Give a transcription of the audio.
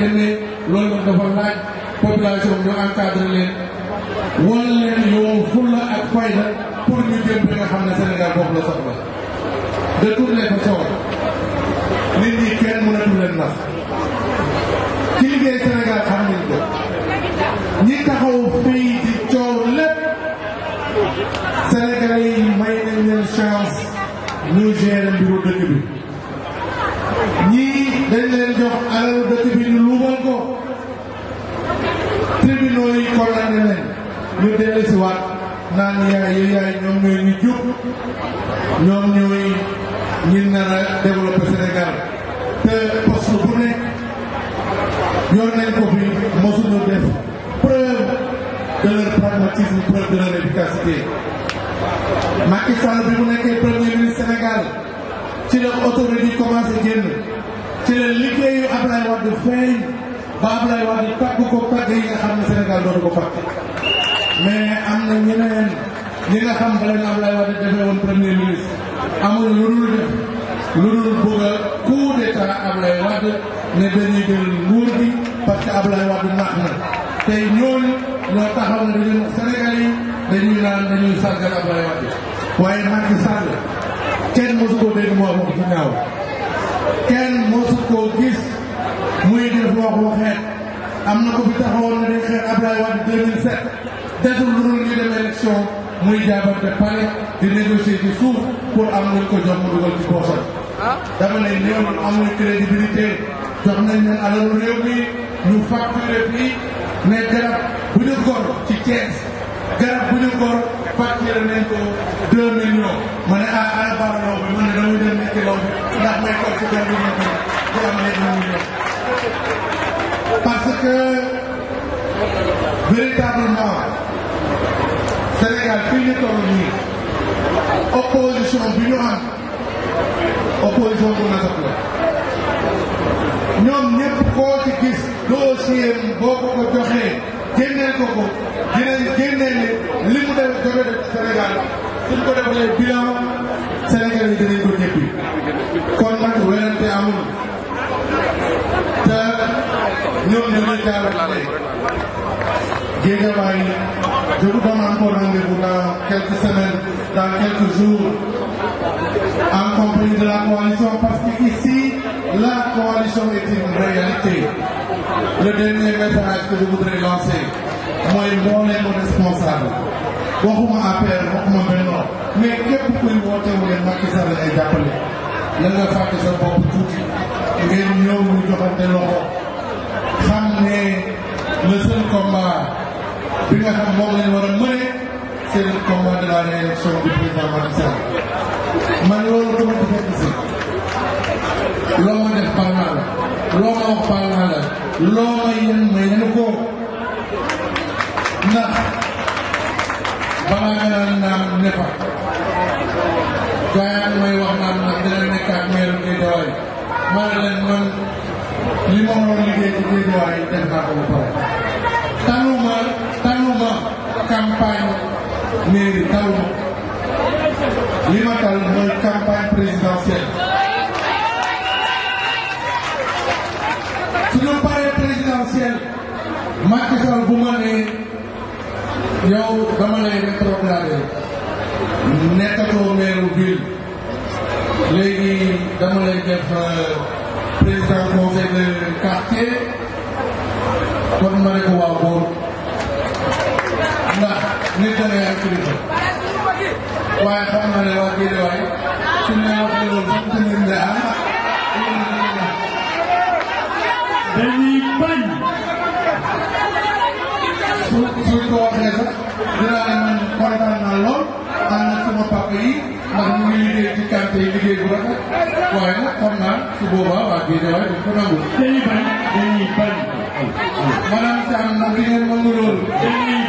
ngeen ne loolu nag dafa leen wan leen yow fulla pour ñu jëm bi nga xam ne la soxla de fii di coow lépp Sénégalais may nañ leen chance ñu gérer mbiru dëkk bi ñii dañ leen jox ñuy condamné leen ñu dellu si waat naan yaay yooyu yaay ñoom ñooy ñu jub ñoom ñooy ñi nar a développé Sénégal te bu nekk yor nañ ko fi mosuñu def preuve de leur pragmatisme preuve efficacité Macky bi mu nekkee premier ministre Sénégal ci la autorité yi commencé ci la liggéeyu Abdoulaye Wade feeñ ba Abdoulaye Wade ko tàgg yi nga xam ne Sénégal ko fàtte mais am ñeneen ñi nga xam ba leen Abdoulaye Wade defee premier ministre amul lu dul def lu dul bëgg coup d'état Abdoulaye Wade ne dañuy jël nguur gi parce que ñoo taxaw yi naan kenn wax ci ñaaw kenn gis ne dafa wax waxeet am na ko fi taxawoon na day xeet Abdoulaye Wade 2007 desul lu dul ñu dem élection muy am luñ ko jox mu ah. ne na crédibilité jox nañ leen alalu réew mi ñu facturé fii garab bu ñu ci Thiès garab bu ñu que véritablement Sénégal fii ñu toll nii opposition bi ñu am opposition bu nasab la ñoom ñëpp koo ci gis dossier boo ko ko joxee génnee ko ko dinañ génnee ne li mu def joxe def Sénégal suñ ko defalee bilan Sénégal yi dinañ ko ñëppi kon nag werante amul ñoom dañuy teel a pare. Guédiawaye je vous donne encore rendez dans quelques semaines dans quelques jours en compagnie de la coalition parce que ici la coalition est une réalité. le dernier message que je voudrais lancer mooy mbooleem responsable waxuma affaire waxuma benno mais képp kuy wootewu leen Macky Sall ay jàppale la nga fàtte sa bopp tuuti ngeen ñëw ñu joxante loxo. xam ne le seul combat bi nga xam moom lañ war a mëne c'est le combat de la réélection du président Macky Sall man loolu dama ko si loo ma def ma wax baal ma yen ma yen ko ndax balaa nga naan fa gars may wax naan naan dina nekkaat meeru ngay dawal ma ne man li ma waroon liggéey ci Guédiawaye def naa ko ba pare. tanuma tanuma campagne mairie taluma li ma tal mooy campagne présidentielle. suñu paree présidentielle Macky Sall bu ma nee yow dama lay rétrogradé nekkatoo maire ville léegi dama lay def euh, président. kon ma ne ko waa góor ndax nit da ngay am kilifa waaye xam nga ne waa kii waay su ne waxee loolu sax ku nit ne ah bañ su ko sax papa yi ngi tey liggéey bu rafet waaye nag xam naa su boobaa waa Guédiawaye duñ ko nangu. dañuy bañ dañuy bañ. maanaam si am na li ngeen